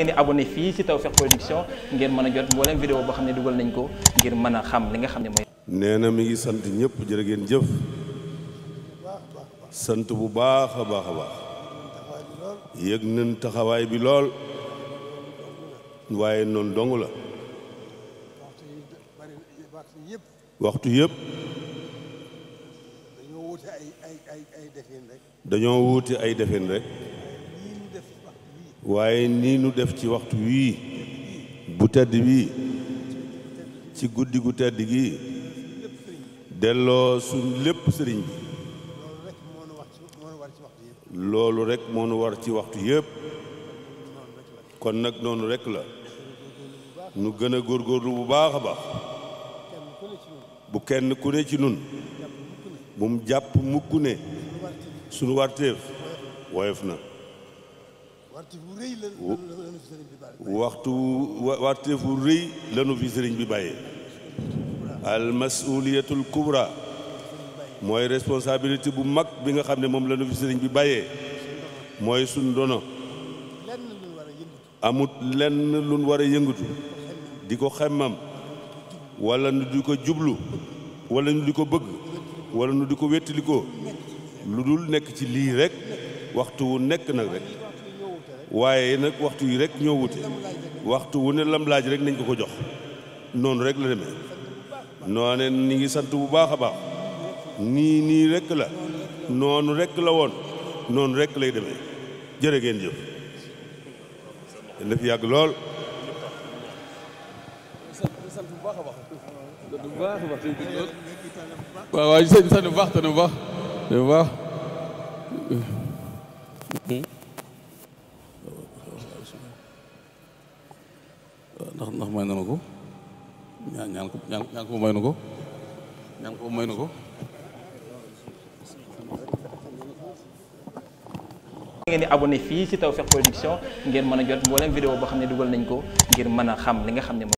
ngeen di abonné fii ci Tawfekh Production ngeen mën a jot mboolem vidéo boo xam ne dugal nañ ko ngir mën a xam li nga xam ne mooy. nee na mi ngi sant ñëpp jërë ngeen jëf sant bu baax a baax a baax yëg nañ taxawaay bi lool waaye noon dong la waxtu yëpp. dañoo wuute ay defin rek. waaye nii nu def ci waxtu wii bu tedd bi ci guddi gu tedd gi delloo suñu lépp sëriñ bi loolu rekk moo nu war ci waxtu yépp kon nag noonu rekk la nu gën a góorlu bu baax a baax bu kenn ku ne ci nun bu mu jàpp mukk ne suñu warteef woyof na waxtu warteefu rëy lanu fi sëriñ bi bàyyee al masuliyatul kubra mooy responsabilité bu mag bi nga xam ne moom lanu fi sëriñ bi bàyyee mooy suñ dono amut lenn luñ war a di ko xemmam wala nu di ko jublu wala nu di ko bëgg wala nu di ko wettalikoo lu dul nekk ci lii rek waxtu wu nekk nag rek waaye nag waxtu yi rek ñoo wute waxtu wu ne lam laaj rek nañ ko ko jox noonu rek la demee noo ne ngi sant bu baax a baax nii nii rek la noonu rekk la woon noonu rekk lay deme jërë ngeen jëf na fi yàgg lool waaw waaw sant bu baax te bu baax ndax ndax may na ko ñaan ñaan ko ñaan ko may na ko ñaan ko may na ko. ngeen di abonné fii ci Tawfekh Production ngeen mën a jot mboolem vidéo boo xam ne dugal nañ ko ngir mën a xam li nga xam ne moom.